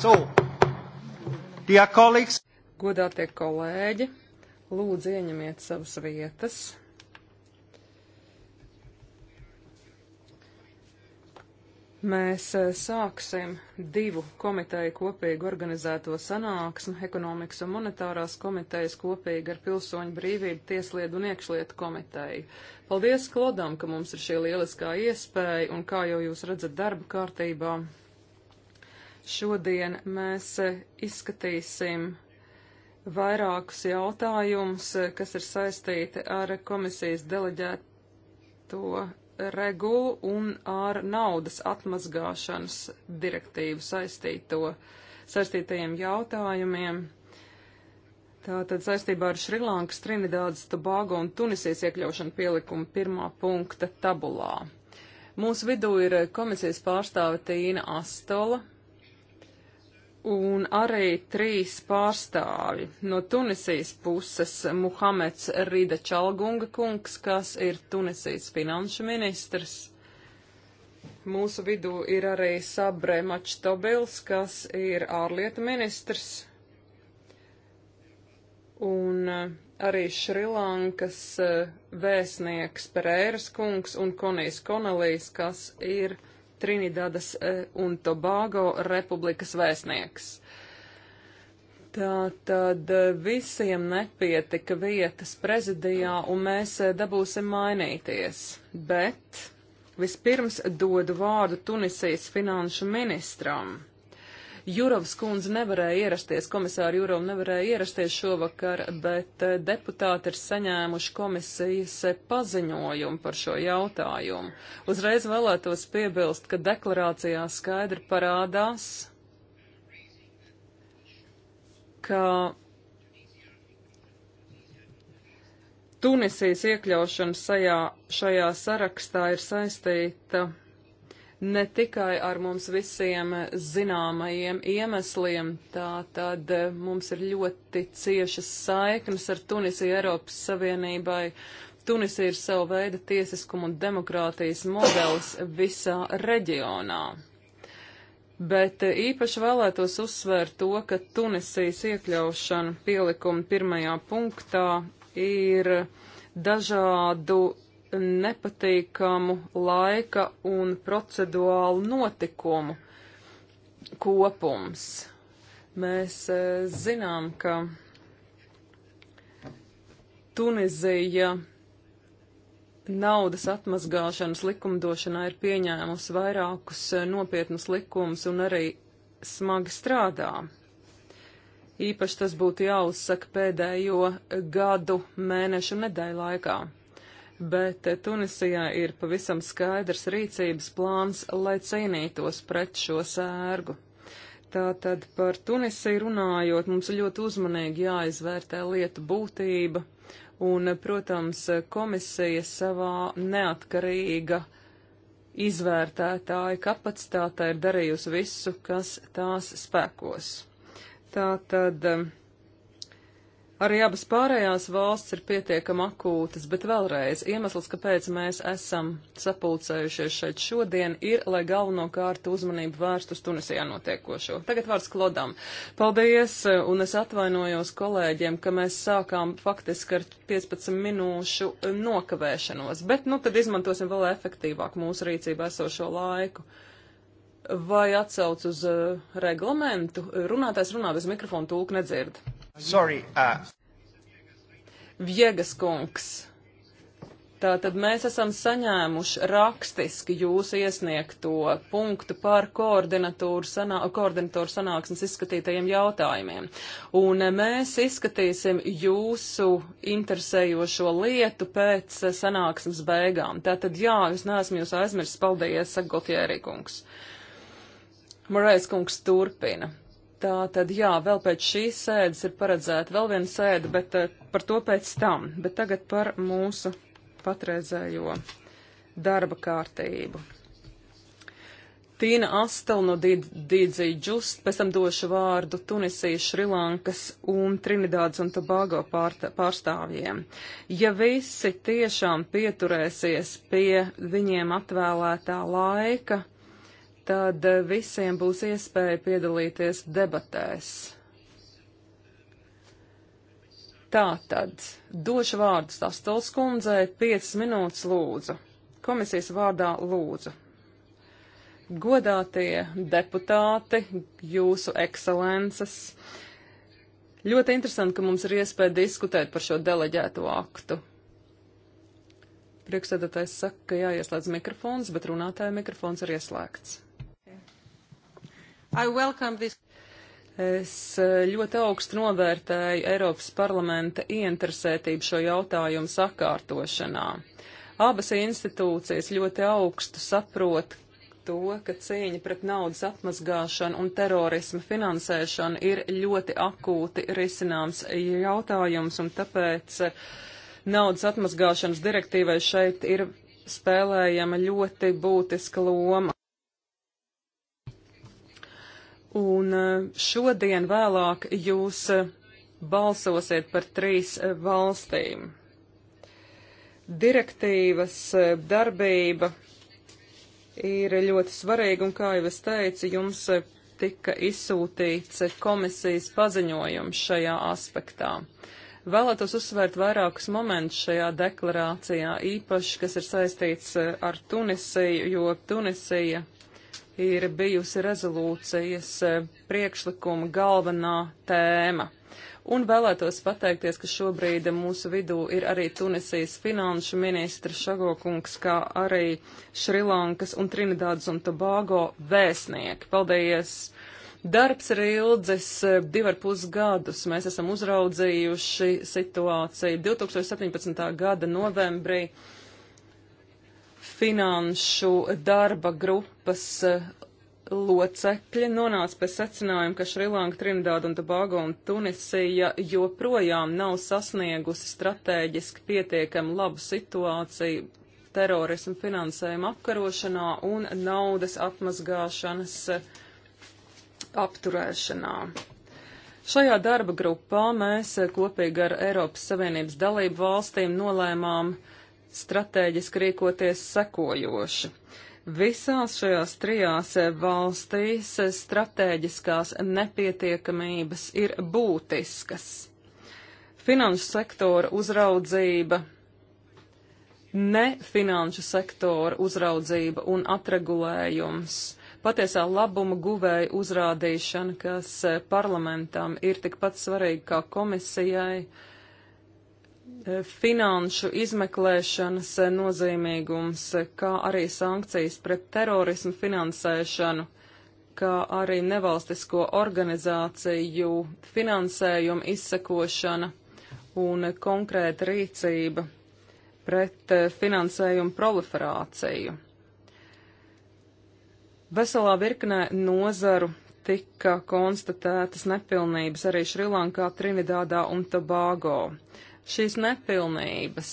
So, dear colleagues. Godātie kolēģi, lūdzu ieņemiet savas vietas. Mēs eh, sāksim divu komiteju kopīgi organizēto sanāksmu - ekonomikas un monetārās komitejas kopīgi ar pilsoņu brīvību, tieslietu un iekšlietu komiteju. Paldies Klodam, ka mums ir šī lieliskā iespēja un kā jau jūs redzat darba kārtībā. Šodien mēs e, izskatīsim vairākus jautājumus, e, kas ir saistīti ar komisijas deleģēto regulu un ar naudas atmazgāšanas direktīvu saistīto, saistītajiem jautājumiem. Tātad saistībā ar Šrilankas, Trinidādas, Tobago un Tunisijas iekļaušanu pielikuma pirmā punkta tabulā. Mūsu vidū ir e, komisijas pārstāve Tīna Astola, un arī trīs pārstāvi no Tunisijas puses - Muhameds Rida Čalgunga kungs, kas ir Tunisijas finanšu ministrs. Mūsu vidū ir arī Sabre Mačtobils, kas ir ārlietu ministrs. Un eh, arī Šrilankas eh, vēstnieks Pereiras kungs un Konijas Konelijas, kas ir Trinidadas e, un Tobago republikas vēstnieks. Tā tad e, visiem nepietika vietas prezidijā, un mēs e, dabūsim mainīties. Bet vispirms dodu vārdu Tunisijas finanšu ministram. Jurovs kundze nevarēja ierasties, komisāri Jurov nevarēja ierasties šovakar, bet eh, deputāti ir saņēmuši komisijas eh, paziņojumu par šo jautājumu. Uzreiz vēlētos piebilst, ka deklarācijā skaidri parādās, ka Tunisijas iekļaušana šajā, šajā sarakstā ir saistīta ne tikai ar mums visiem zināmajiem iemesliem, tā tad eh, mums ir ļoti ciešas saiknes ar Tunisiju Eiropas Savienībai. Tunisija ir sava veida tiesiskuma un demokrātijas modelis visā reģionā. Bet eh, īpaši vēlētos uzsvērt to, ka Tunisijas iekļaušana pielikuma pirmajā punktā ir dažādu nepatīkamu laika un procedūālu notikumu kopums. Mēs e, zinām, ka Tunizija naudas atmazgāšanas likumdošanā ir pieņēmusi vairākus e, nopietnus likumus un arī smagi strādā. Īpaši tas būtu jāuzsaka pēdējo gadu, mēnešu, nedēļu laikā bet Tunisijā ir pavisam skaidrs rīcības plāns, lai cīnītos pret šo sērgu. Tātad par Tunisiju runājot, mums ļoti uzmanīgi jāizvērtē lieta būtība, un, protams, komisija savā neatkarīga izvērtētāja kapacitātē ir darījusi visu, kas tās spēkos. Tātad. Um, Arī abas pārējās valsts ir pietiekami akūtas, bet vēlreiz iemesls, kāpēc mēs esam sapulcējušies šeit šodien, ir, lai galvenokārt uzmanību vērst uz Tunisijā notiekošo. Tagad vārds Klodam. Paldies, un es atvainojos kolēģiem, ka mēs sākām faktiski ar 15 minūšu nokavēšanos, bet nu tad izmantosim vēl efektīvāk mūsu rīcībā esošo laiku vai atsauc uz uh, reglamentu. Runātājs runā bez mikrofona, tūlk nedzird. Sorry, uh. Viegas kungs. Tātad mēs esam saņēmuši rakstiski jūsu iesniegto punktu par koordinatoru, sanā, koordinatoru sanāksmes izskatītajiem jautājumiem. Un mēs izskatīsim jūsu interesējošo lietu pēc sanāksmes beigām. Tātad jā, es neesmu jūs aizmirsis. Paldies, Gotjērī kungs. Morais kungs turpina. Tā tad jā, vēl pēc šīs sēdes ir paredzēta vēl viena sēde, bet eh, par to pēc tam. Bet tagad par mūsu patreizējo darba kārtību. Tīna Astel no DJ Just, pēc tam došu vārdu Tunisijas, Šrilankas un Trinidādas un Tobago pārstāvjiem. Ja visi tiešām pieturēsies pie viņiem atvēlētā laika, tad eh, visiem būs iespēja piedalīties debatēs. Tātad, došu vārdu Stastols kundzei, 5 minūtes lūdzu. Komisijas vārdā lūdzu. Godātie deputāti, jūsu ekscelences, ļoti interesanti, ka mums ir iespēja diskutēt par šo deleģēto aktu. Priekšsēdētājs saka, ka jāieslēdz mikrofons, bet runātāja mikrofons ir ieslēgts. Es eh, ļoti augstu novērtēju Eiropas parlamenta ieinteresētību šo jautājumu sakārtošanā. Abas institūcijas ļoti augstu saprot to, ka cīņa pret naudas atmazgāšanu un terorisma finansēšanu ir ļoti akūti risināms jautājums, un tāpēc eh, naudas atmazgāšanas direktīvai šeit ir spēlējama ļoti būtiska loma. Un e, šodien vēlāk jūs e, balsosiet par trīs e, valstīm. Direktīvas darbība ir ļoti svarīga, un kā jau es teicu, jums tika izsūtīts komisijas paziņojums šajā aspektā. Vēlētos uzsvērt vairākus momentus šajā deklarācijā, īpaši, kas ir saistīts ar Tunisiju, jo Tunisija ir bijusi rezolūcijas e, priekšlikuma galvenā tēma. Un vēlētos pateikties, ka šobrīd mūsu vidū ir arī Tunisijas finanšu ministra Šagokungs, kā arī Šrilankas un Trinidādas un Tobago vēstnieki. Paldies! Darbs ir ilgs, e, divi ar pus gadus. Mēs esam uzraudzījuši situāciju 2017. gada novembrī finanšu darba grupas eh, locekļi nonāca pie secinājuma, ka Šrilanka, Trinidāda un Tobago un Tunisija joprojām nav sasniegusi strateģiski pietiekami labu situāciju terorismu finansējuma apkarošanā un naudas apmazgāšanas eh, apturēšanā. Šajā darba grupā mēs eh, kopīgi ar Eiropas Savienības dalību valstīm nolēmām uh, stratēģiski rīkoties sekojoši. Visās šajās trijās valstīs stratēģiskās nepietiekamības ir būtiskas. Finanšu sektora uzraudzība, nefinanšu sektora uzraudzība un atregulējums patiesā labuma guvēja uzrādīšana, kas eh, parlamentam ir tikpat svarīga kā komisijai Eh, finanšu izmeklēšanas eh, nozīmīgums, eh, kā arī sankcijas pret terorismu finansēšanu, kā arī nevalstisko organizāciju finansējumu izsekošana un konkrēta rīcība pret finansējumu proliferāciju. Veselā virknē nozaru tika konstatētas nepilnības arī Šrilankā, Trinidādā un Tobago. Uh, Šīs nepilnības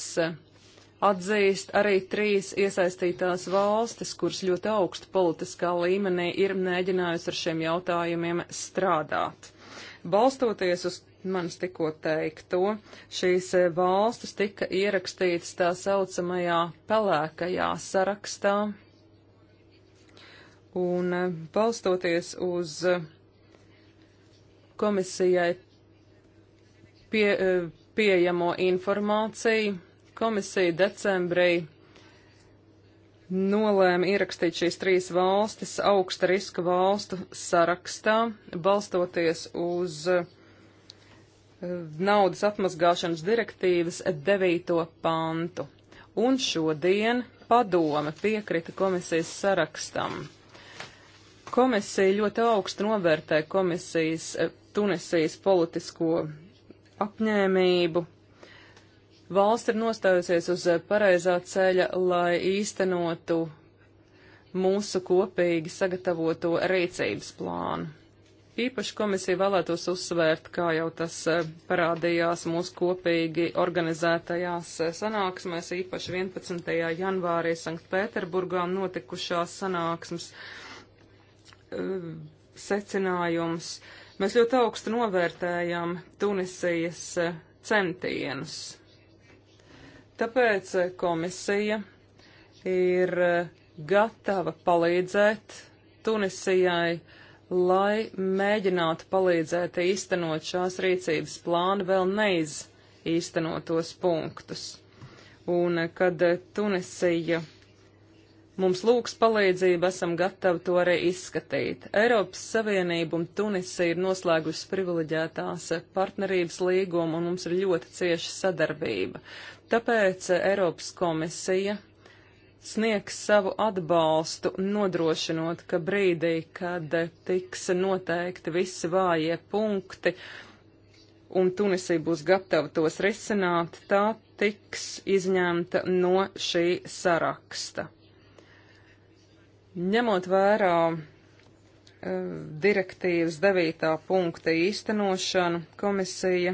atzīst arī trīs iesaistītās valstis, kuras ļoti augstu politiskā līmenī ir mēģinājusi ar šiem jautājumiem strādāt. Balstoties uz manis tikko teikto, šīs valstis tika ierakstītas tā saucamajā pelēkajā sarakstā, un balstoties uz komisijai pie, pieejamo informāciju. Komisija decembrī nolēma ierakstīt šīs trīs valstis augsta riska valstu sarakstā, balstoties uz eh, naudas atmazgāšanas direktīvas 9. pantu. Un šodien padome piekrita komisijas sarakstam. Komisija ļoti augstu novērtē komisijas eh, Tunisijas politisko apņēmību. Valsts ir nostājusies uz eh, pareizā ceļa, lai īstenotu mūsu kopīgi sagatavoto rīcības plānu. Īpaši komisija vēlētos uzsvērt, kā jau tas eh, parādījās mūsu kopīgi organizētajās eh, sanāksmēs, īpaši 11. janvārī Sanktpēterburgā notikušās sanāksmes secinājums. Uh, Mēs ļoti augstu novērtējam Tunisijas eh, centienus. Tāpēc eh, komisija ir eh, gatava palīdzēt Tunisijai, lai mēģinātu palīdzēt īstenot šās rīcības plānu vēl neiz īstenotos punktus. Un kad Tunisija Mums lūgs palīdzību, esam gatavi to arī izskatīt. Eiropas Savienība un Tunisija ir noslēgusi privileģētās partnerības līgumu un mums ir ļoti cieša sadarbība. Tāpēc Eiropas komisija sniegs savu atbalstu, nodrošinot, ka brīdī, kad tiks noteikti visi vājie punkti un Tunisija būs gatava tos risināt, tā tiks izņemta no šī saraksta. Ņemot vērā eh, direktīvas 9. punkta īstenošanu, komisija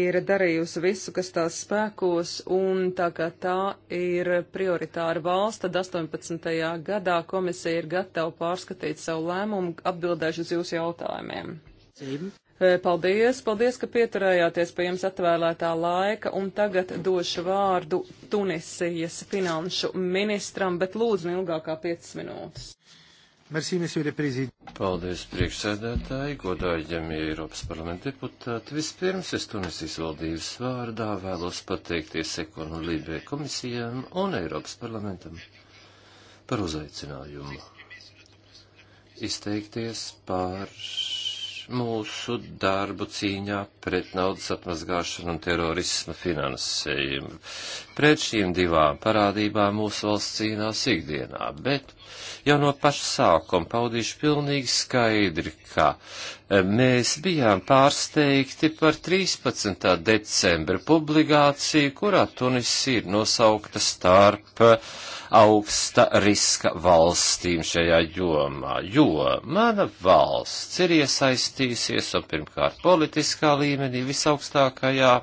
ir darījusi visu, kas tās spēkos, un tā kā tā ir prioritāra valsts, tad 18. gadā komisija ir gatava pārskatīt savu lēmumu, atbildēšu uz jūsu jautājumiem. Zīm. Eh, paldies, paldies, ka pieturējāties pie jums atvēlētā laika, un tagad došu vārdu Tunisijas finanšu ministram, bet lūdzu ilgākā 5 minūtes. Merci, monsieur le président. Paldies, priekšsēdētāji, godājamie Eiropas parlamenta deputāti. Vispirms es Tunisijas valdības vārdā vēlos pateikties Ekonu Lībē komisijām un Eiropas parlamentam par uzaicinājumu izteikties par mūsu darbu cīņā pret naudas atmazgāšanu un terorisma finansējumu. Pret šīm divām parādībām mūsu valsts cīnās ikdienā, bet jau no paša sākuma paudīšu pilnīgi skaidri, ka eh, mēs bijām pārsteigti par 13. decembra publikāciju, kurā Tunis ir nosaukta starp uh, augsta riska valstīm šajā jomā, jo mana valsts ir iesaistījusies un pirmkārt politiskā līmenī visaugstākajā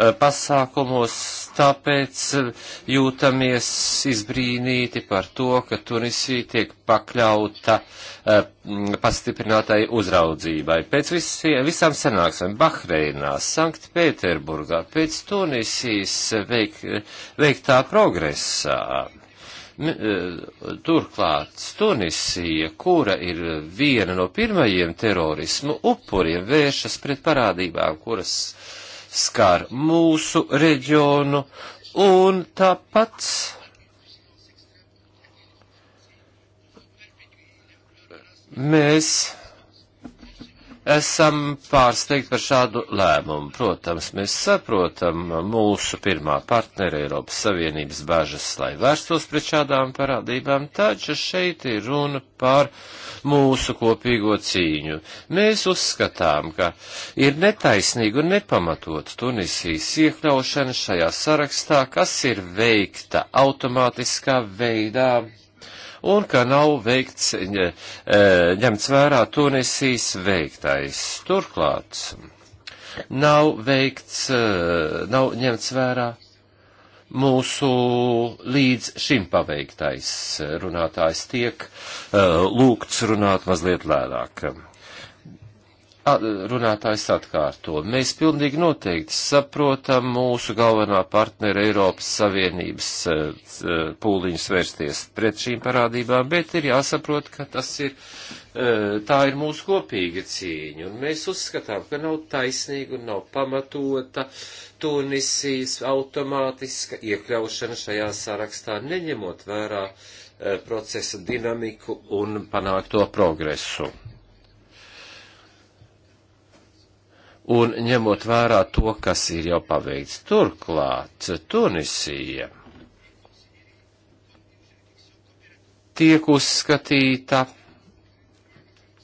Eh, pasākumos, tāpēc eh, jūtamies izbrīnīti par to, ka Tunisija tiek pakļauta eh, pastiprinātai uzraudzībai. Pēc visie, visām sanāksmēm Bahreinā, Sanktpēterburgā, pēc Tunisijas veik, veiktā progresā. Turklāt Tunisija, kura ir viena no pirmajiem terorismu upuriem, vēršas pret parādībām, kuras uh, skar mūsu reģionu un tāpat mēs esam pārsteigti par šādu lēmumu. Protams, mēs saprotam mūsu pirmā partnera Eiropas Savienības bažas, lai vērstos pret šādām parādībām, taču šeit ir runa par mūsu kopīgo cīņu. Mēs uzskatām, ka ir netaisnīgi un nepamatot Tunisijas iekļaušana šajā sarakstā, kas ir veikta automātiskā veidā un ka nav veikts, e, ņemts vērā Tunisijas veiktais. Turklāt nav veikts, e, nav ņemts vērā mūsu līdz šim paveiktais runātājs tiek e, lūgts runāt mazliet lēnāk runātājs atkārto. Mēs pilnīgi noteikti saprotam mūsu galvenā partnera Eiropas Savienības eh, eh, pūliņus vērsties pret šīm parādībām, bet ir jāsaprot, ka tas ir, eh, tā ir mūsu kopīga cīņa. Un mēs uzskatām, ka nav taisnīga un nav pamatota Tunisijas automātiska iekļaušana šajā sarakstā, neņemot vērā procesa dinamiku un panākto progresu. un ņemot vērā to, kas ir jau paveikts. Turklāt Tunisija tiek uzskatīta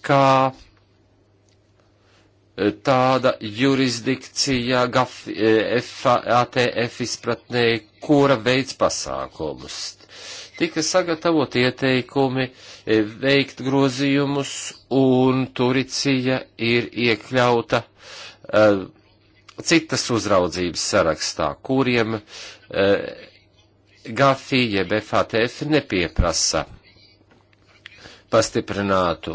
kā tāda jurisdikcija GAF, ATF e, izpratnē, kura veids pasākumus. Tika sagatavot ieteikumi e, veikt grozījumus, un Turicija ir iekļauta uh, Eh, citas uzraudzības sarakstā, kuriem eh, GAFI jeb FATF nepieprasa pastiprinātu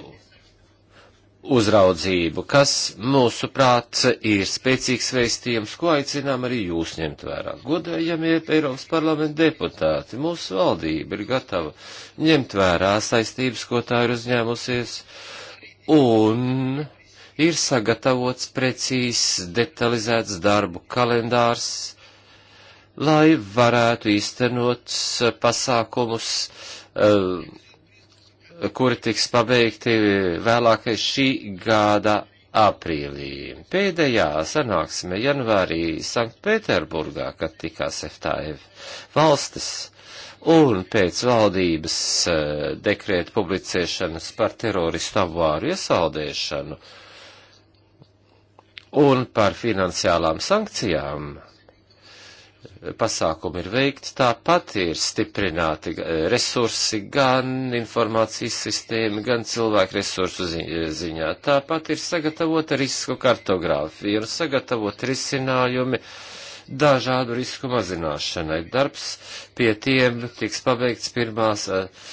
uzraudzību, kas, mūsuprāt, ir spēcīgs veistījums, ko aicinām arī jūs ņemt vērā. Godējamie Eiropas parlamenta deputāti, mūsu valdība ir gatava ņemt vērā saistības, ko tā ir uzņēmusies, un ir sagatavots precīzs, detalizēts darbu kalendārs, lai varētu īstenot pasākumus, eh, kuri tiks pabeigti vēlākais šī gada aprīlī. Pēdējā sanāksme janvārī Sanktpēterburgā, kad tikās FTF valstis, un pēc valdības eh, dekrēta publicēšanas par teroristu avāru iesaldēšanu, uh, Un par finansiālām sankcijām pasākumi ir veikti, tāpat ir stiprināti resursi gan informācijas sistēma, gan cilvēku resursu ziņā. Tāpat ir sagatavota risku kartogrāfija un sagatavot risinājumi. Uh, dažādu risku mazināšanai. Darbs pie tiem tiks pabeigts pirmās uh,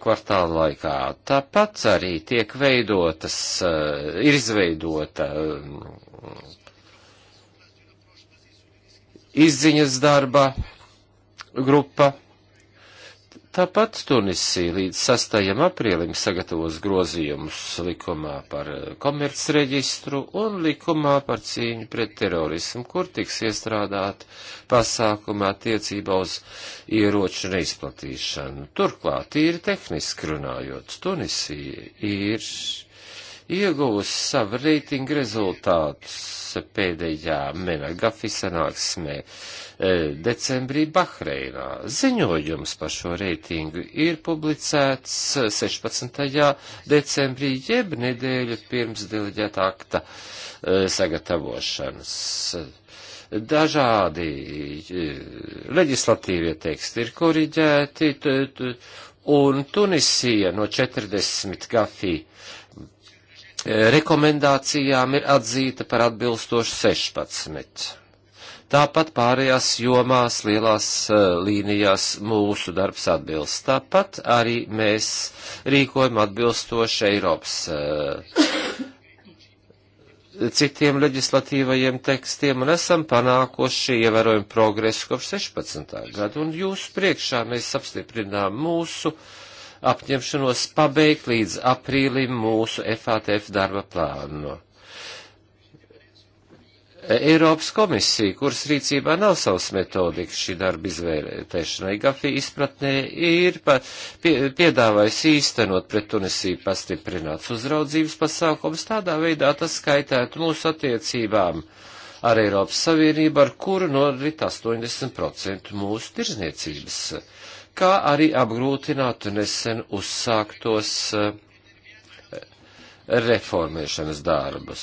kvartāla laikā. Tāpat arī tiek veidotas, uh, ir izveidota uh, izziņas darba grupa Tāpat Tunisija līdz 6. aprīlim sagatavos grozījumus likumā par eh, komercreģistru un likumā par cīņu pret terorismu, kur tiks iestrādāt pasākumā tiecībā uz ieroču neizplatīšanu. Turklāt, tīri tehniski runājot, Tunisija ir ieguvusi savu reitingu rezultātus pēdējā Menagafi sanāksmē e, decembrī Bahreinā. Ziņojums par šo reitingu ir publicēts 16. decembrī, jeb nedēļu pirms deleģēta akta e, sagatavošanas dažādi e, leģislatīvie teksti ir koriģēti, t, t, un Tunisija no 40 gafī rekomendācijām ir atzīta par atbilstošu 16. Tāpat pārējās jomās, lielās eh, līnijās mūsu darbs atbilst. Tāpat arī mēs rīkojam atbilstoši Eiropas eh, citiem leģislatīvajiem tekstiem un esam panākoši ievērojumu progresu kopš 16. gadu. Un jūsu priekšā mēs apstiprinām mūsu uh, apņemšanos pabeigt līdz aprīlim mūsu FATF darba plānu. Eiropas komisija, kuras rīcībā nav savas metodikas šī darba izvērtēšanai, GAFI izpratnē ir pa, pie, piedāvājusi īstenot pret Tunisiju pastiprināts uzraudzības pasākums, tādā veidā tas skaitētu mūsu attiecībām ar Eiropas Savienību, ar kuru norit 80% mūsu tirzniecības kā arī apgrūtinātu nesen uzsāktos eh, reformēšanas darbus.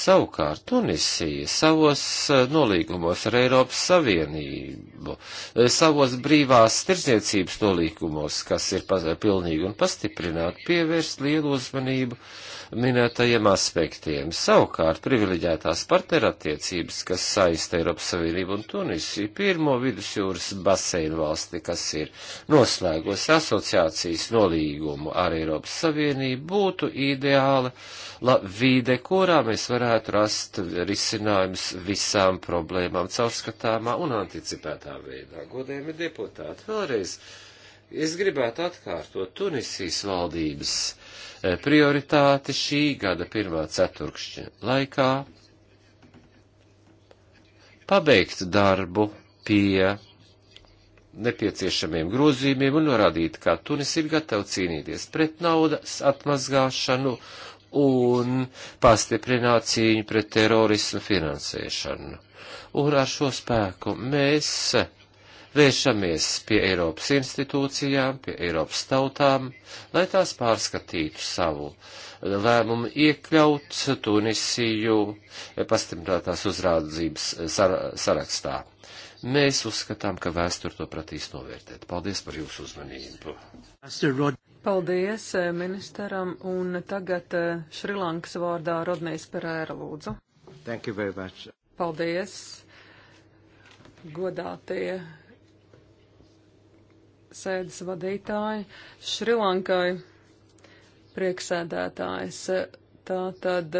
Savukārt Tunisija savos eh, nolīgumos ar Eiropas Savienību, eh, savos brīvās tirdzniecības nolīgumos, kas ir pilnīgi un pastiprināti, pievērst lielu uzmanību uh, minētajiem aspektiem. Savukārt, privileģētās partnerattiecības, kas saista Eiropas Savienību un Tunisiju, pirmo vidusjūras baseinu valsti, kas ir noslēgusi asociācijas nolīgumu ar Eiropas Savienību, būtu ideāla la, vide, kurā mēs varētu rast risinājums visām problēmām caurskatāmā un anticipētā veidā. Godējumi deputāti, vēlreiz Es gribētu atkārtot Tunisijas valdības e, prioritāti šī gada pirmā ceturkšņa laikā pabeigt darbu pie nepieciešamiem grozījumiem un norādīt, kā Tunis ir gatava cīnīties pret naudas atmazgāšanu un pastiprināt cīņu pret terorismu finansēšanu. Un ar šo spēku mēs vēršamies pie Eiropas institūcijām, pie Eiropas tautām, lai tās pārskatītu savu lēmumu iekļaut Tunisiju pastimtātās uzrādzības sar sarakstā. Mēs uzskatām, ka vēsture to pratīs novērtēt. Paldies par jūsu uzmanību. Paldies eh, ministram un tagad eh, Šrilankas vārdā Rodnijas Perēra lūdzu. Thank you very much. Paldies, godātie sēdes vadītāji, Šrilankai prieksēdētājs. Tā tad.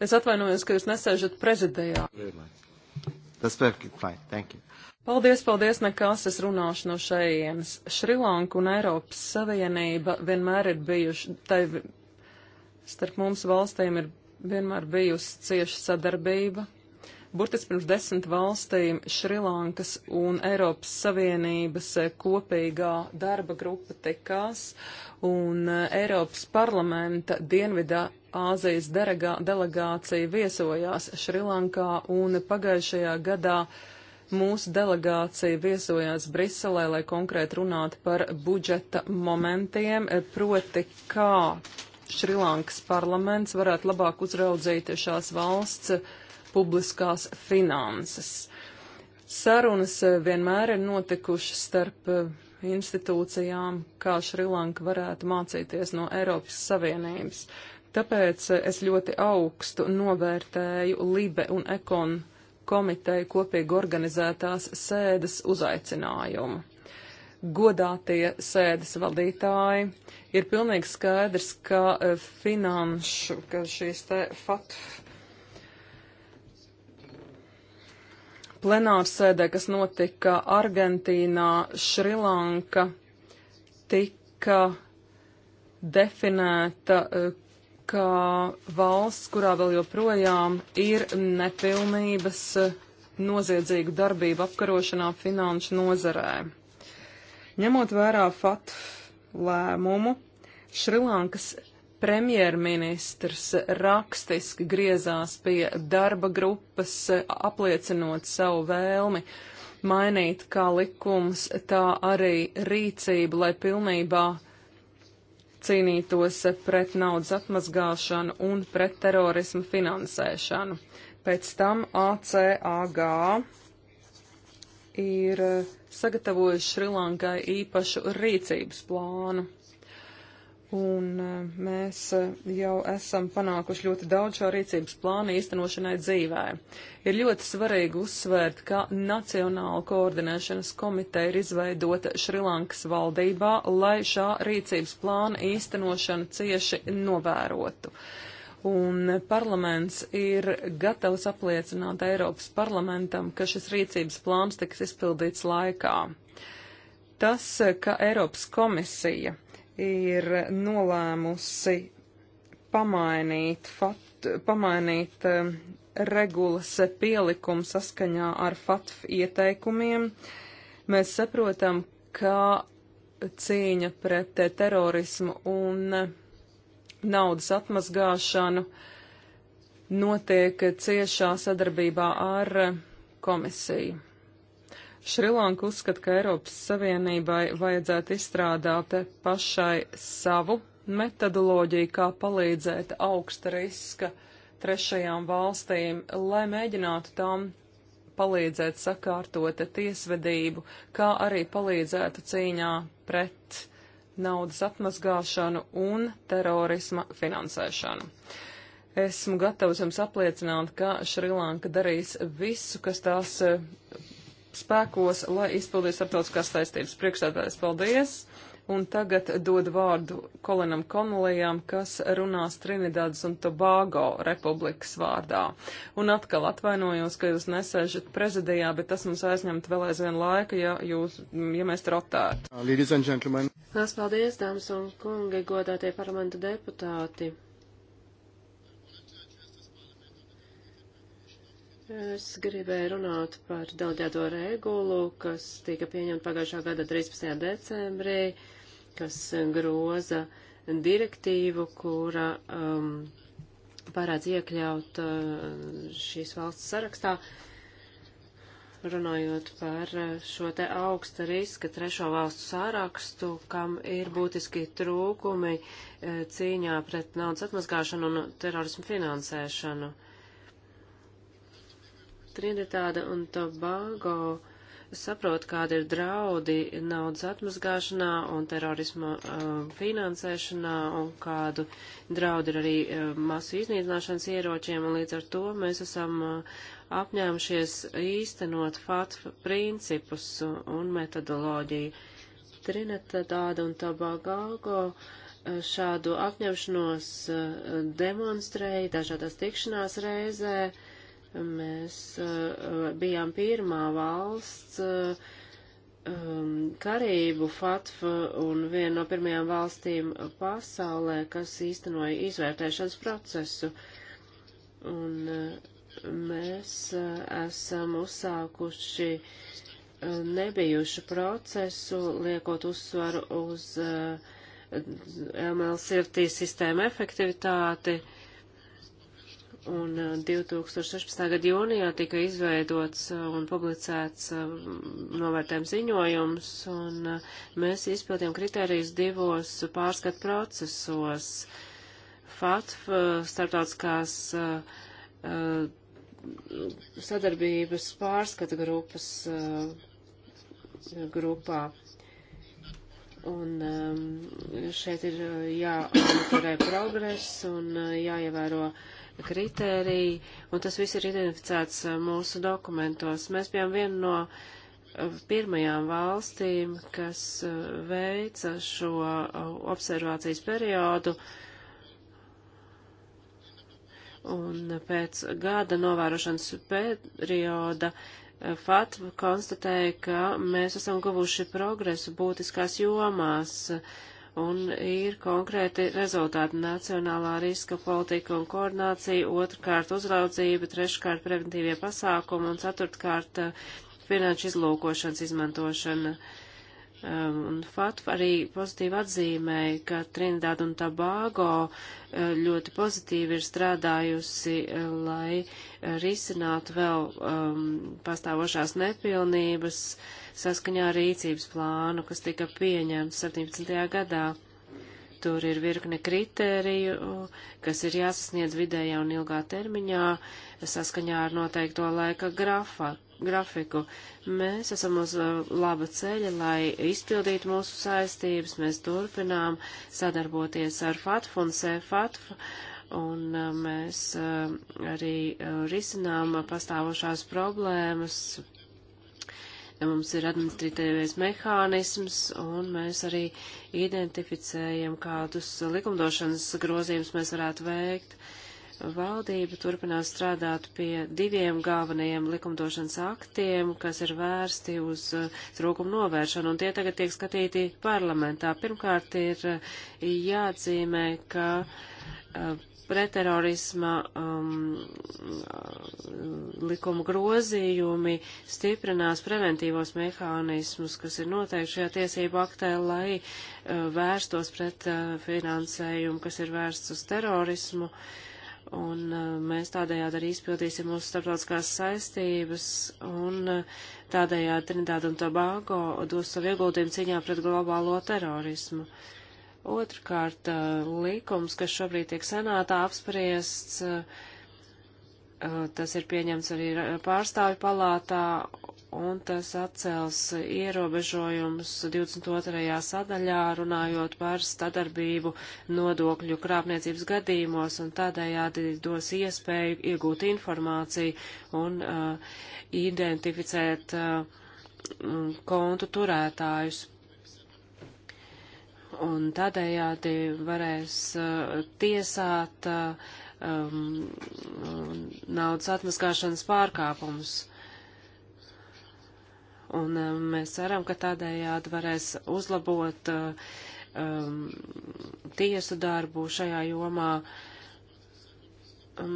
Es atvainojos, ka jūs nesēžat prezidijā. Tas perfect, fine, thank you. Paldies, paldies, nekas, es runāšu no šejienes. Šrilanka un Eiropas Savienība vienmēr ir bijuši, tai starp mums valstīm ir vienmēr bijusi cieša sadarbība, Burtis pirms desmit valstīm Šrilankas un Eiropas Savienības eh, kopīgā darba grupa tikās, un eh, Eiropas parlamenta dienvidā Āzijas delegā, delegācija viesojās Šrilankā, un pagājušajā gadā mūsu delegācija viesojās Briselē, lai konkrēti runātu par budžeta momentiem, eh, proti kā Šrilankas parlaments varētu labāk uzraudzīt šās valsts publiskās finanses. Sarunas eh, vienmēr ir notikušas starp eh, institūcijām, kā Šrilanka varētu mācīties no Eiropas Savienības. Tāpēc eh, es ļoti augstu novērtēju Libe un Ekon komiteju kopīgi organizētās sēdes uzaicinājumu godātie sēdes vadītāji, ir pilnīgi skaidrs, ka finanšu, ka šīs te FATF plenārsēdē, kas notika Argentīnā, Šrilanka, tika definēta eh, kā valsts, kurā vēl joprojām ir nepilnības eh, noziedzīgu darbību apkarošanā finanšu nozarē. Ņemot vērā FATF lēmumu, Šrilankas premjerministrs rakstiski griezās pie darba grupas, apliecinot savu vēlmi mainīt kā likums, tā arī rīcību, lai pilnībā cīnītos pret naudas atmazgāšanu un pret terorismu finansēšanu. Pēc tam ACAG ir sagatavojuši Šrilankai īpašu rīcības plānu. Un e, mēs e, jau esam panākuši ļoti daudz šā rīcības plāna īstenošanai dzīvē. Ir ļoti svarīgi uzsvērt, ka Nacionāla koordinēšanas komiteja ir izveidota Šrilankas valdībā, lai šā rīcības plāna īstenošanu cieši novērotu. Un parlaments ir gatavs apliecināt Eiropas parlamentam, ka šis rīcības plāns tiks izpildīts laikā. Tas, ka Eiropas komisija ir nolēmusi pamainīt, fat, pamainīt um, regulas pielikumu saskaņā ar FATF ieteikumiem. Mēs saprotam, ka cīņa pret terorismu un naudas atmazgāšanu notiek ciešā sadarbībā ar komisiju. Šrilanka uzskata, ka Eiropas Savienībai vajadzētu izstrādāt pašai savu metodoloģiju, kā palīdzēt augsta riska trešajām valstīm, lai mēģinātu tām palīdzēt sakārtot tiesvedību, kā arī palīdzētu cīņā pret naudas atmazgāšanu un terorisma finansēšanu. Esmu gatavs jums apliecināt, ka Šrilanka darīs visu, kas tās spēkos, lai izpildītu starptautiskās saistības. Priekšsēdājs, paldies! Un tagad dod vārdu Kolinam Konlijam, kas runās Trinidadas un Tobago republikas vārdā. Un atkal atvainojos, ka jūs nesēžat prezidijā, bet tas mums aizņemt vēl aizvien laika, ja, jūs, ja mēs rotētu. Ladies and gentlemen. Lās paldies, dāmas un kungi, godātie parlamenta deputāti. Es gribēju runāt par daudzēto regulu, kas tika pieņemta pagājušā gada 13. decembrī, kas groza direktīvu, kura um, parāds iekļaut uh, šīs valsts sarakstā, runājot par uh, šo te augsta riska trešo valstu sārakstu, kam ir būtiski trūkumi uh, cīņā pret naudas atmazgāšanu un terorismu finansēšanu. Uh, Trinitāda un Tobago saprot, kāda ir draudi naudas atmazgāšanā un terorisma uh, finansēšanā un kādu draudu ir arī uh, masu iznīcināšanas ieročiem, un līdz ar to mēs esam uh, apņēmušies īstenot FATF principus un metodoloģiju. Trinitāda un Tobago uh, šādu apņemšanos uh, demonstrēja dažādās tikšanās reizē Mēs eh, bijām pirmā valsts eh, um, Karību, FATF un viena no pirmajām valstīm pasaulē, kas īstenoja izvērtēšanas procesu. Un eh, mēs esam uzsākuši nebijušu procesu, liekot uzsvaru uz ML sirtī sistēmu efektivitāti. Uh, Un 2016. Uh, gada jūnijā tika izveidots uh, un publicēts uh, novērtējums ziņojums, un mēs izpildījām kritērijus divos pārskatu procesos. FATF, starptautiskās sadarbības pārskata grupas grupā. Un um, šeit ir jāmonitorē progress un uh, jāievēro uh, kritēriji, un tas viss ir identificēts uh, mūsu dokumentos. Mēs bijām viena no uh, pirmajām valstīm, kas uh, veica šo observācijas periodu, un pēc gada novērošanas perioda FATV konstatēja, ka mēs esam guvuši progresu būtiskās jomās, uh, un ir konkrēti rezultāti nacionālā riska politika un koordinācija, otrkārt uzraudzība, treškārt preventīvie pasākumi un ceturtkārt eh, finanšu izlūkošanas izmantošana. Uh, Um, un FATF arī pozitīvi atzīmēja, ka Trinidāda un Tabāgo uh, ļoti pozitīvi ir strādājusi, uh, lai uh, risinātu vēl um, pastāvošās nepilnības saskaņā ar rīcības plānu, kas tika pieņemts 17. gadā. Tur ir virkne kritēriju, kas ir jāsasniedz vidējā un ilgā termiņā saskaņā ar noteikto laika grafiku grafiku. Mēs esam uz uh, laba ceļa, lai izpildītu mūsu saistības. Mēs turpinām sadarboties ar FATF un CFATF. Un uh, mēs uh, arī risinām pastāvošās problēmas, ja mums ir administratīvais mehānisms, un mēs arī identificējam, kādus likumdošanas grozījumus mēs varētu veikt. Uh, Valdība turpinās strādāt pie diviem galvenajiem likumdošanas aktiem, kas ir vērsti uz eh, trūkumu novēršanu, un tie tagad tiek skatīti parlamentā. Pirmkārt ir eh, jāatzīmē, ka eh, preterorisma um, likuma grozījumi stiprinās preventīvos mehānismus, kas ir noteikti šajā tiesību aktē, lai uh, vērstos pret uh, finansējumu, kas ir vērsts uz terorismu. Uh, un uh, mēs tādējādi arī izpildīsim mūsu starptautiskās saistības un uh, tādējādi Trinidāda un Tobago dos savu ieguldījumu cīņā pret globālo terorismu. Otrkārt, uh, likums, kas šobrīd tiek senātā apspriests, tas ir pieņemts arī pārstāvju palātā un tas atcels ierobežojumus 22. sadaļā runājot par sadarbību nodokļu krāpniecības gadījumos un tādējādi dos iespēju iegūt informāciju un uh, identificēt uh, mm, kontu turētājus. Un tādējādi varēs uh, tiesāt uh, um, naudas atmaskāšanas pārkāpumus. Un eh, mēs ceram, ka tādējādi varēs uzlabot eh, um, tiesu darbu šajā jomā.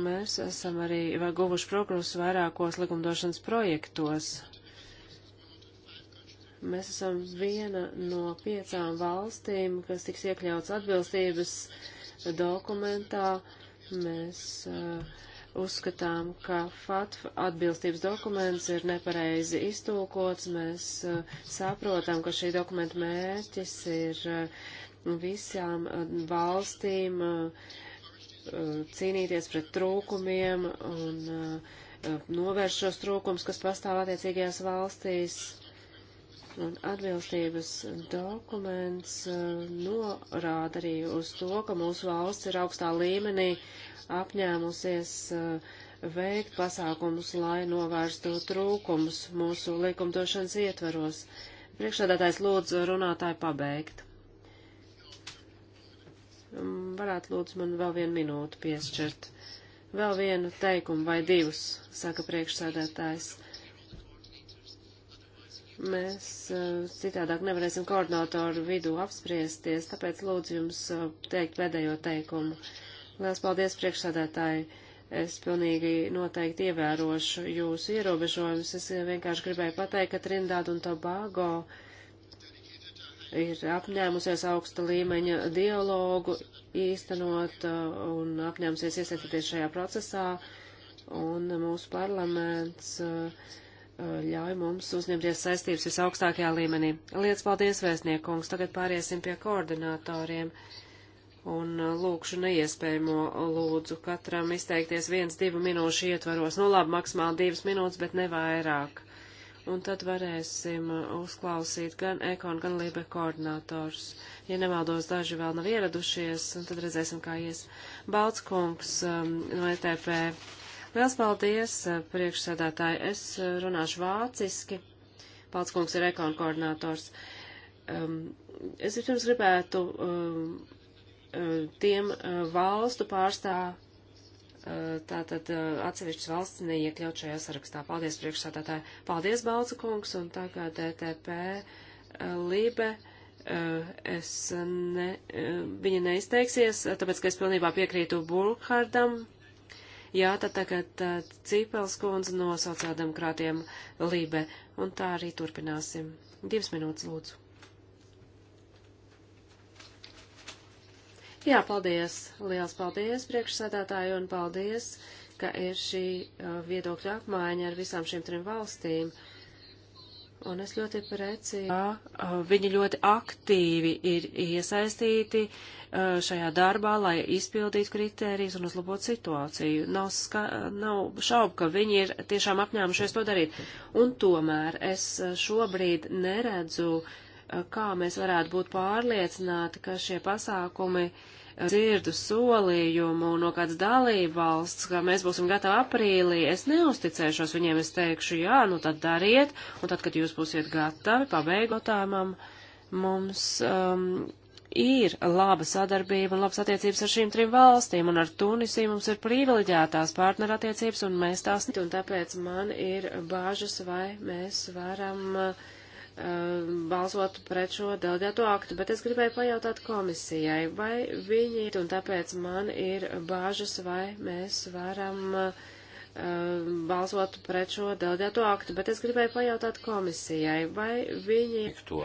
Mēs esam arī vai guvuši progresu vairākos likumdošanas projektos. Mēs esam viena no piecām valstīm, kas tiks iekļauts atbilstības dokumentā. Mēs uh, uzskatām, ka FATF atbilstības dokuments ir nepareizi iztūkots. Mēs uh, saprotam, ka šī dokumenta mērķis ir uh, visām uh, valstīm uh, uh, cīnīties pret trūkumiem un uh, novērst šos trūkums, kas pastāv attiecīgajās valstīs. Un atbilstības dokuments uh, norāda arī uz to, ka mūsu valsts ir augstā līmenī apņēmusies uh, veikt pasākumus, lai novērstu trūkumus mūsu likumdošanas ietveros. Priekšsēdētājs lūdzu runātāju pabeigt. Mm, varētu lūdzu man vēl vienu minūtu piešķirt. Vēl vienu teikumu vai divus, saka priekšsēdētājs mēs eh, citādāk nevarēsim koordinātoru vidū apspriesties, tāpēc lūdzu jums eh, teikt pēdējo teikumu. Lielas paldies priekšsādētāji, es pilnīgi noteikti ievērošu jūsu ierobežojumus, es vienkārši gribēju pateikt, ka Trindāda un Tobago ir apņēmusies augsta līmeņa dialogu īstenot eh, un apņēmusies iesaistīties šajā procesā, un mūsu parlaments uh, ļauj mums uzņemties saistības visaugstākajā līmenī. Lietas paldies, vēstniekungs. Tagad pāriesim pie koordinatoriem. Un uh, lūkšu neiespējamo lūdzu katram izteikties viens, divu minūšu ietvaros. Nu labi, maksimāli divas minūtes, bet ne vairāk. Un tad varēsim uh, uzklausīt gan Ekon, gan Libe koordinators. Ja nemaldos, daži vēl nav ieradušies, un tad redzēsim, kā ies. Balts kungs um, no ETP. Liels paldies, eh, priekšsēdētāji. Es eh, runāšu vāciski. Pāls kungs ir ekonu koordinators. Um, es pirms gribētu um, eh, tiem valstu pārstāv tātad atsevišķas valsts neiekļaut šajā sarakstā. Paldies priekšsādātāji. Paldies, Balca kungs, un tagad DTP e Libe. Es ne, viņa neizteiksies, tāpēc, ka es pilnībā piekrītu Burkhardam Jā, tad tagad eh, Cīpels kundze no sociāldemokrātiem Lībe, un tā arī turpināsim. Divas minūtes, lūdzu. Jā, paldies. Liels paldies priekšsēdētāju un paldies, ka ir šī eh, viedokļa apmaiņa ar visām šīm trim valstīm. Uh, Un es ļoti precīzi, ka viņi ļoti aktīvi ir iesaistīti šajā darbā, lai izpildītu kritērijus un uzlabotu situāciju. Nav, ska, nav šaubu, ka viņi ir tiešām apņēmušies to darīt. Un tomēr es šobrīd neredzu, kā mēs varētu būt pārliecināti, ka šie pasākumi uh, dzirdu solījumu no kādas dalībvalsts, ka mēs būsim gatavi aprīlī, es neusticēšos viņiem, es teikšu, jā, nu tad dariet, un tad, kad jūs būsiet gatavi pabeigotājumam, mums um, ir laba sadarbība un labas attiecības ar šīm trim valstīm, un ar Tunisiju mums ir privileģētās partnerattiecības, un mēs tās, un tāpēc man ir bāžas, vai mēs varam. Uh, Um, um, balsot pret šo delegēto aktu, bet es gribēju pajautāt komisijai, vai viņi, un tāpēc man ir bāžas, vai mēs varam uh, balsot pret šo delegēto aktu, bet es gribēju pajautāt komisijai, vai viņi. To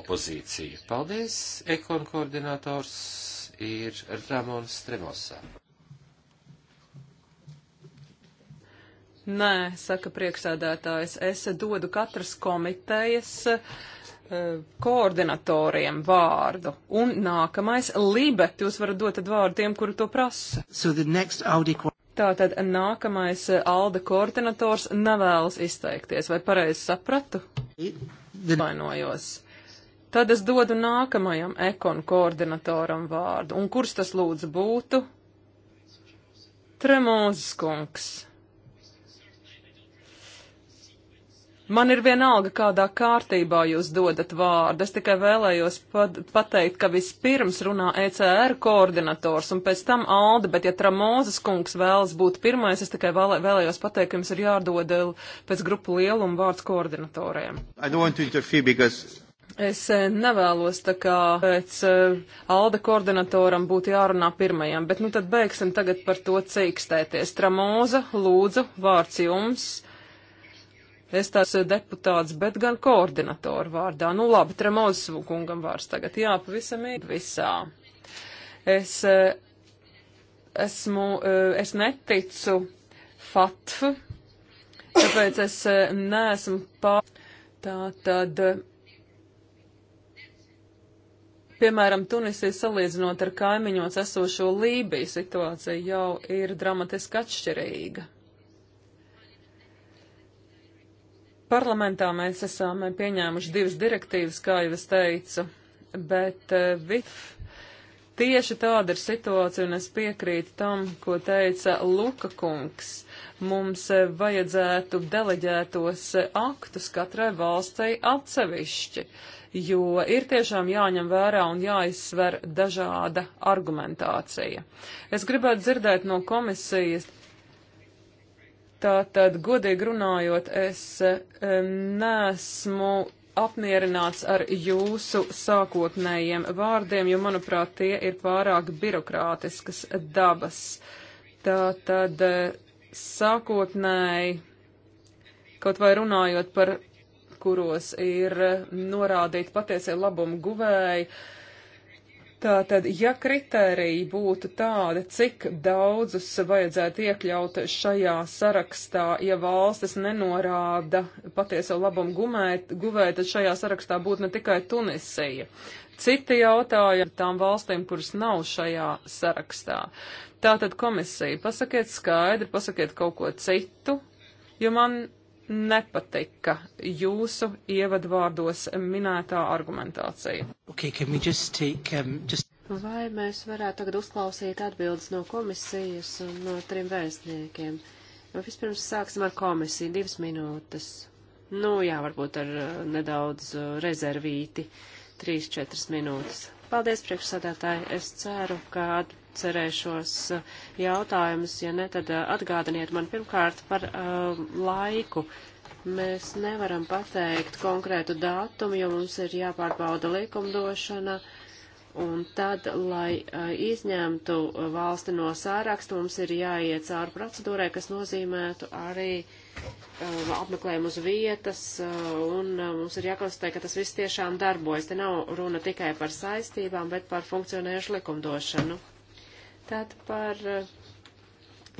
opozīciju. Paldies, ekon koordinators ir Ramons Tremosā. Nē, saka priekšsēdētājs, es dodu katras komitejas eh, koordinatoriem vārdu. Un nākamais - libet. Jūs varat dot vārdu tiem, kuri to prasa. So Audi... Tātad nākamais eh, Alda koordinators nevēlas izteikties. Vai pareizi sapratu? Vainojos. Tad es dodu nākamajam ekonu koordinatoram vārdu. Un kurš tas lūdzu būtu? Tremozes kungs. Man ir vienalga, kādā kārtībā jūs dodat vārdu. Es tikai vēlējos pateikt, ka vispirms runā ECR koordinators un pēc tam Alde, bet ja Tramozes kungs vēlas būt pirmais, es tikai vēlē, vēlējos pateikt, ka jums ir jādod eh, pēc grupu lieluma vārds koordinatoriem. Because... Es eh, nevēlos tā kā pēc eh, Alde koordinatoram būtu jārunā pirmajam, bet nu tad beigsim tagad par to cīkstēties. Tramoza, lūdzu, vārds jums es tās eh, deputāts, bet gan koordinatoru vārdā. Nu labi, Tremozes kungam vārds tagad. Jā, pavisam ir visā. Es eh, esmu, eh, es neticu FATF, tāpēc es neesmu pār. Tā tad, piemēram, Tunisija salīdzinot ar kaimiņos esošo Lībiju situāciju jau ir dramatiski atšķirīga. Parlamentā mēs esam pieņēmuši divas direktīvas, kā jau es teicu, bet eh, VIF tieši tāda ir situācija, un es piekrītu tam, ko teica Luka kungs. Mums eh, vajadzētu deleģētos eh, aktus katrai valstei atsevišķi, jo ir tiešām jāņem vērā un jāizsver dažāda argumentācija. Es gribētu dzirdēt no komisijas, Tātad, godīgi runājot, es nesmu apmierināts ar jūsu sākotnējiem vārdiem, jo, manuprāt, tie ir pārāk birokrātiskas dabas. Tātad, eh, sākotnēji, kaut vai runājot par kuros ir eh, norādīti patiesie labumu guvēji, uh, Tātad, ja kriteriji būtu tādi, cik daudzus vajadzētu iekļaut šajā sarakstā, ja valstis nenorāda patieso labumu guvēju, tad šajā sarakstā būtu ne tikai Tunisija. Citi jautājumi tām valstīm, kuras nav šajā sarakstā. Tātad komisija, pasakiet skaidri, pasakiet kaut ko citu, jo man nepatika jūsu ievadvārdos minētā argumentācija. Okay, take, um, just... Vai mēs varētu tagad uzklausīt atbildes no komisijas un no trim vēstniekiem? Nu, vispirms sāksim ar komisiju, divas minūtes. Nu jā, varbūt ar uh, nedaudz uh, rezervīti, trīs, četras minūtes. Paldies, priekšsādātāji. Es ceru, ka atcerēšos eh, jautājumus, ja ne, tad eh, atgādiniet man pirmkārt par uh, laiku. Mēs nevaram pateikt konkrētu datumu, jo mums ir jāpārbauda likumdošana, un tad, lai uh, izņemtu valsti no sāraksta, mums ir jāiet cauri procedūrai, kas nozīmētu arī apmeklējumu uz vietas, un mums ir jākonstatē, ka tas viss tiešām darbojas. Te nav runa tikai par saistībām, bet par funkcionējušu likumdošanu. Tad par eh,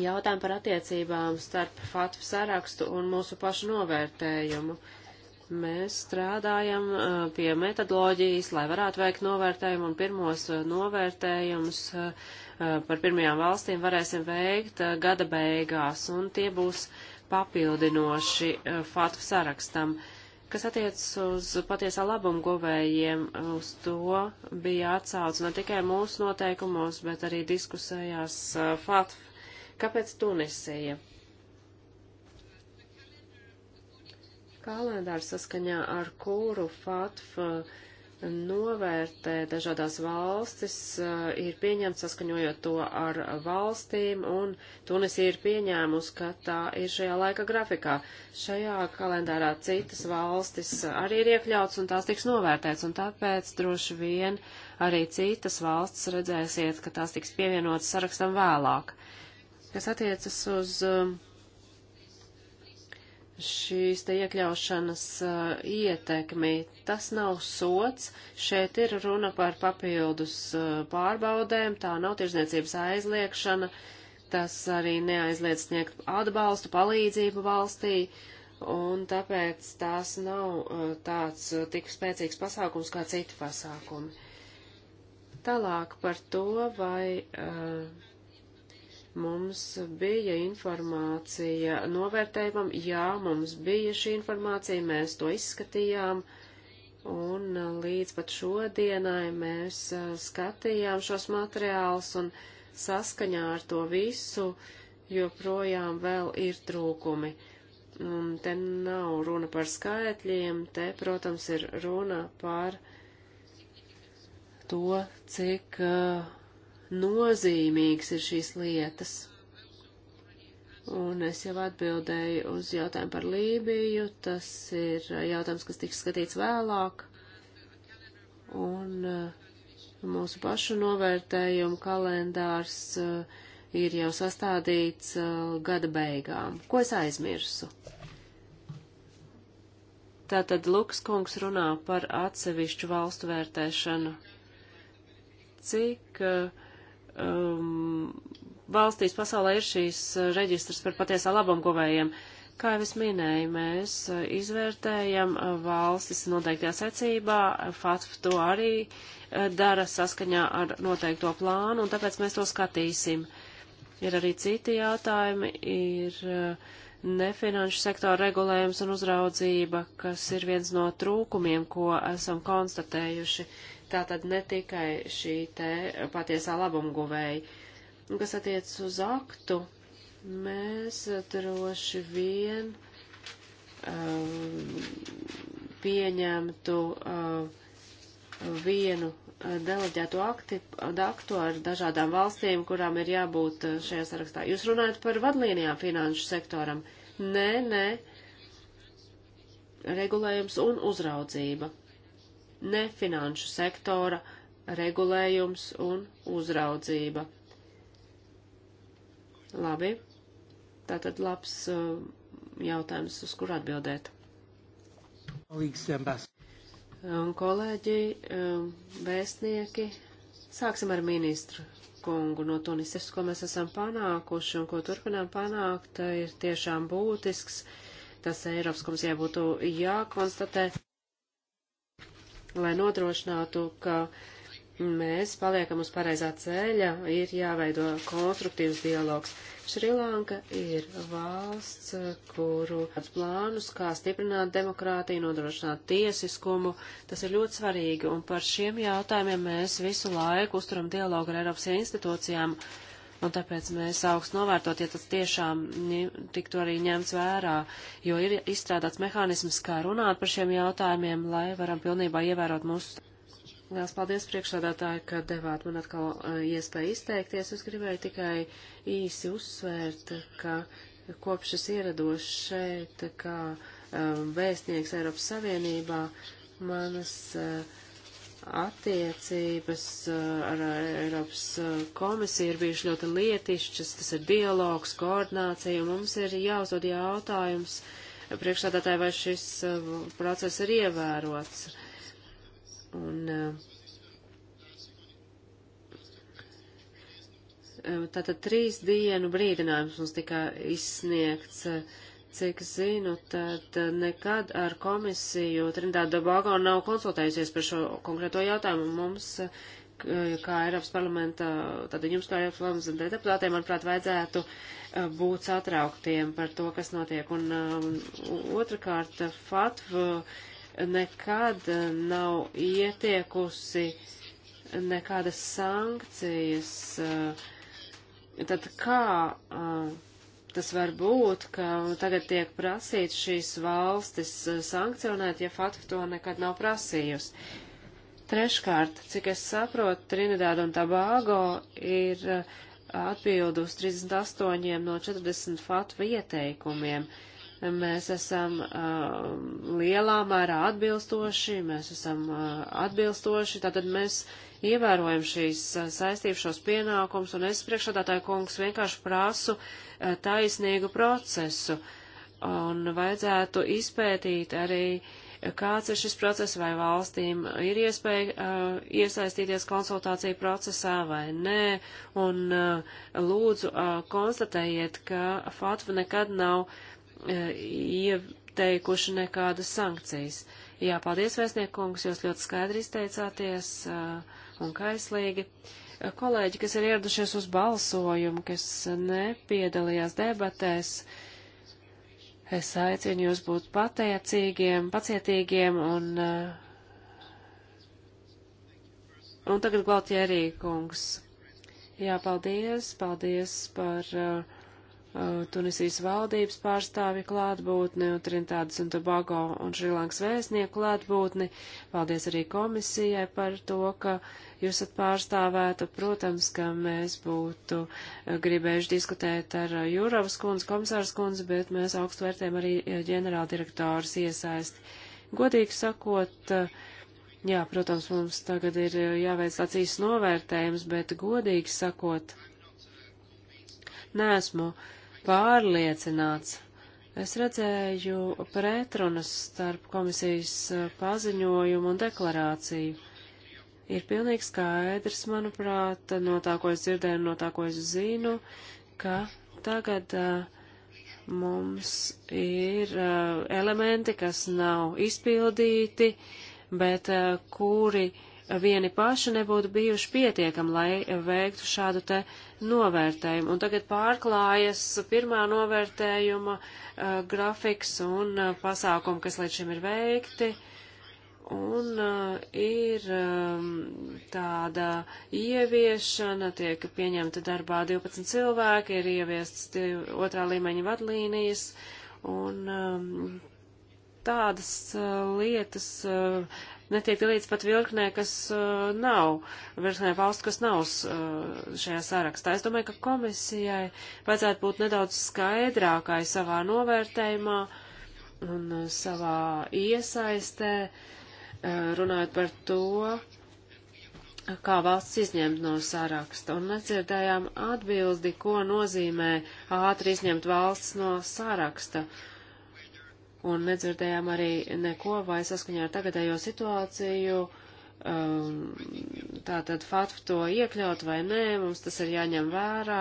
jautājumu par attiecībām starp FATF sarakstu un mūsu pašu novērtējumu. Mēs strādājam eh, pie metodoloģijas, lai varētu veikt novērtējumu, un pirmos eh, novērtējumus par pirmajām valstīm varēsim veikt gada beigās, un tie būs papildinoši FATF sarakstam. Uh, Kas attiecas uz patiesā labumu govējiem, uz to bija atsauc ne tikai mūsu noteikumos, bet arī diskusējās uh, FATF. Kāpēc Tunisija? Kalendārs saskaņā ar kuru FATF uh, novērtē dažādās valstis, eh, ir pieņemts saskaņojot to ar valstīm, un Tunisija ir pieņēmusi, ka tā ir šajā laika grafikā. Šajā kalendārā citas valstis arī ir iekļauts, un tās tiks novērtēts, un tāpēc droši vien arī citas valstis redzēsiet, ka tās tiks pievienotas sarakstam vēlāk. Kas attiecas uz uh, šīs te iekļaušanas uh, ietekmi. Tas nav sots, šeit ir runa par papildus uh, pārbaudēm, tā nav tirzniecības aizliekšana, tas arī neaizliedz sniegt atbalstu, palīdzību valstī, un tāpēc tās nav uh, tāds tik spēcīgs pasākums kā citi pasākumi. Tālāk par to, vai uh, Mums bija informācija novērtējumam, jā, mums bija šī informācija, mēs to izskatījām, un uh, līdz pat šodienai mēs uh, skatījām šos materiālus, un saskaņā ar to visu joprojām vēl ir trūkumi. Un te nav runa par skaitļiem, te, protams, ir runa par to, cik uh, nozīmīgas ir šīs lietas. Un es jau atbildēju uz jautājumu par Lībiju. Tas ir jautājums, kas tiks skatīts vēlāk. Un uh, mūsu pašu novērtējumu kalendārs uh, ir jau sastādīts uh, gada beigām. Ko es aizmirsu? Tātad Lukas kungs runā par atsevišķu valstu vērtēšanu. Cik uh, um, valstīs pasaulē ir šīs uh, reģistrs par patiesā labumguvējiem. Kā jau es minēju, mēs uh, izvērtējam uh, valstis noteiktajā secībā, FATF to arī dara saskaņā ar noteikto plānu, un tāpēc mēs to skatīsim. Ir arī citi jautājumi, ir uh, nefinanšu sektora regulējums un uzraudzība, kas ir viens no trūkumiem, ko esam konstatējuši. Uh, tātad ne tikai šī te patiesā labumguvēja. Kas attiec uz aktu, mēs droši vien uh, pieņemtu uh, vienu deleģēto akti, aktu ar dažādām valstīm, kurām ir jābūt uh, šajā sarakstā. Jūs runājat par vadlīnijām finanšu sektoram. Nē, nē, regulējums un uzraudzība nefinanšu sektora regulējums un uzraudzība. Labi, tātad labs uh, jautājums, uz kur atbildēt. Un kolēģi, um, vēstnieki, sāksim ar ministru kungu no Tunises, ko mēs esam panākuši un ko turpinām panākt, eh, ir tiešām būtisks. Tas Eiropas komisijai būtu jākonstatē lai nodrošinātu, ka mēs paliekam uz pareizā ceļa, ir jāveido konstruktīvs dialogs. Šrilanka ir valsts, kuru plānus, kā stiprināt demokrātiju, nodrošināt tiesiskumu, tas ir ļoti svarīgi, un par šiem jautājumiem mēs visu laiku uzturam dialogu ar Eiropas institūcijām. Uh, Un tāpēc mēs augstu novērtot, ja tas tiešām tiktu arī ņemts vērā, jo ir izstrādāts mehānisms, kā runāt par šiem jautājumiem, lai varam pilnībā ievērot mūsu. Liels paldies priekšsādātāji, ka devāt man atkal uh, iespēju izteikties. Es gribēju tikai īsi uzsvērt, ka kopš es ierados šeit, kā uh, um, vēstnieks Eiropas Savienībā, manas uh, attiecības uh, ar Eiropas uh, komisiju ir bijušas ļoti lietišķas, tas ir dialogs, koordinācija, un mums ir jāuzdod jautājums uh, priekšstādātāji, vai šis process ir ievērots. Un, tātad trīs dienu brīdinājums mums tika izsniegts Cik zinu, tad nekad ar komisiju Trindāda Dabāgo nav konsultējusies par šo konkrēto jautājumu. Mums, eh, kā Eiropas parlamenta, tad jums, kā Eiropas parlamenta deputātiem, manuprāt, vajadzētu eh, būt satrauktiem par to, kas notiek. Un, un eh, otrkārt, FATV nekad nav ietiekusi nekādas sankcijas. Tad kā. Uh, tas var būt, ka tagad tiek prasīts šīs valstis eh, sankcionēt, ja FATF to nekad nav prasījusi. Treškārt, cik es saprotu, Trinidāda un Tabāgo ir eh, atbildu uz 38 no 40 FATF ieteikumiem. Uh, mēs esam uh, lielā mērā atbilstoši, mēs esam uh, atbilstoši, tātad mēs ievērojam šīs uh, saistības, šos pienākums, un es priekšādātāju kungs vienkārši prasu uh, taisnīgu procesu, un vajadzētu izpētīt arī, kāds ir šis process, vai valstīm ir iespēja uh, iesaistīties konsultāciju procesā vai nē, un uh, lūdzu uh, konstatējiet, ka FATF nekad nav uh, E, ieteikuši nekādas sankcijas. Jā, paldies, vēstniekungs, jūs ļoti skaidri izteicāties e, un kaislīgi. E, kolēģi, kas ir ieradušies uz balsojumu, kas nepiedalījās debatēs, es aicinu jūs būt pateicīgiem, pacietīgiem un. Un tagad Glautierī kungs. Jā, paldies, paldies par uh, Uh, Tunisijas valdības pārstāvi klātbūtni un Trintādas un Tobago un Šrilankas vēstnieku klātbūtni. Paldies arī komisijai par to, ka jūs esat pārstāvēta. Protams, ka mēs būtu uh, gribējuši diskutēt ar uh, Jūravas kundzi, komisārs kundzi, bet mēs augstu vērtējam arī ģenerāldirektoras iesaisti. Godīgi sakot, jā, protams, mums tagad ir jāveic tāds īsts novērtējums, bet godīgi sakot, neesmu. Uh, pārliecināts. Es redzēju pretrunas starp komisijas eh, paziņojumu un deklarāciju. Ir pilnīgi skaidrs, manuprāt, no tā, ko es dzirdēju, no tā, ko es zinu, ka tagad eh, mums ir eh, elementi, kas nav izpildīti, bet kuri uh, vieni paši nebūtu bijuši pietiekami, lai veiktu šādu te novērtējumu. Un tagad pārklājas pirmā novērtējuma uh, grafiks un uh, pasākumi, kas līdz šim ir veikti. Un uh, ir um, tāda ieviešana, tiek pieņemta darbā 12 cilvēki, ir ieviests div, otrā līmeņa vadlīnijas, un um, tādas uh, lietas uh, netiek līdz pat virknē, kas uh, nav, virknē valstu, kas nav uh, šajā sarakstā. Es domāju, ka komisijai vajadzētu būt nedaudz skaidrākai savā novērtējumā un uh, savā iesaistē, uh, runājot par to, kā valsts izņemt no saraksta. Un nedzirdējām atbildi, ko nozīmē ātri izņemt valsts no saraksta. Uh, un nedzirdējām arī neko vai saskaņā ar tagadējo situāciju. Um, tā tad FATF to iekļaut vai nē, mums tas ir jāņem vērā.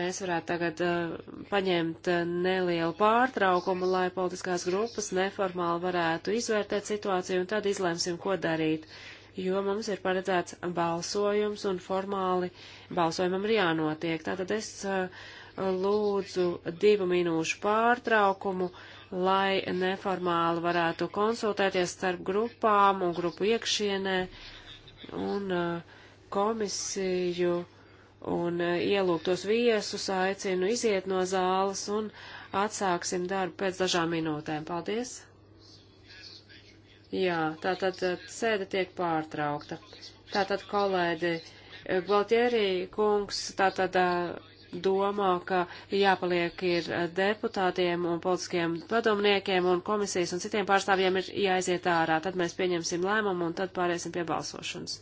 Mēs varētu tagad uh, paņemt nelielu pārtraukumu, lai politiskās grupas neformāli varētu izvērtēt situāciju un tad izlemsim, ko darīt, jo mums ir paredzēts balsojums un formāli balsojumam ir jānotiek. Tātad es uh, lūdzu divu minūšu pārtraukumu lai neformāli varētu konsultēties starp grupām un grupu iekšienē un uh, komisiju un uh, ielūgtos viesus aicinu iziet no zāles un atsāksim darbu pēc dažām minūtēm. Paldies! Jā, tātad uh, sēde tiek pārtraukta. Tātad, kolēģi, Baltierī kungs, tātad domā, ka jāpaliek ir deputātiem un politiskiem padomniekiem un komisijas un citiem pārstāvjiem ir jāaiziet ārā. Tad mēs pieņemsim lēmumu un tad pāriesim pie balsošanas.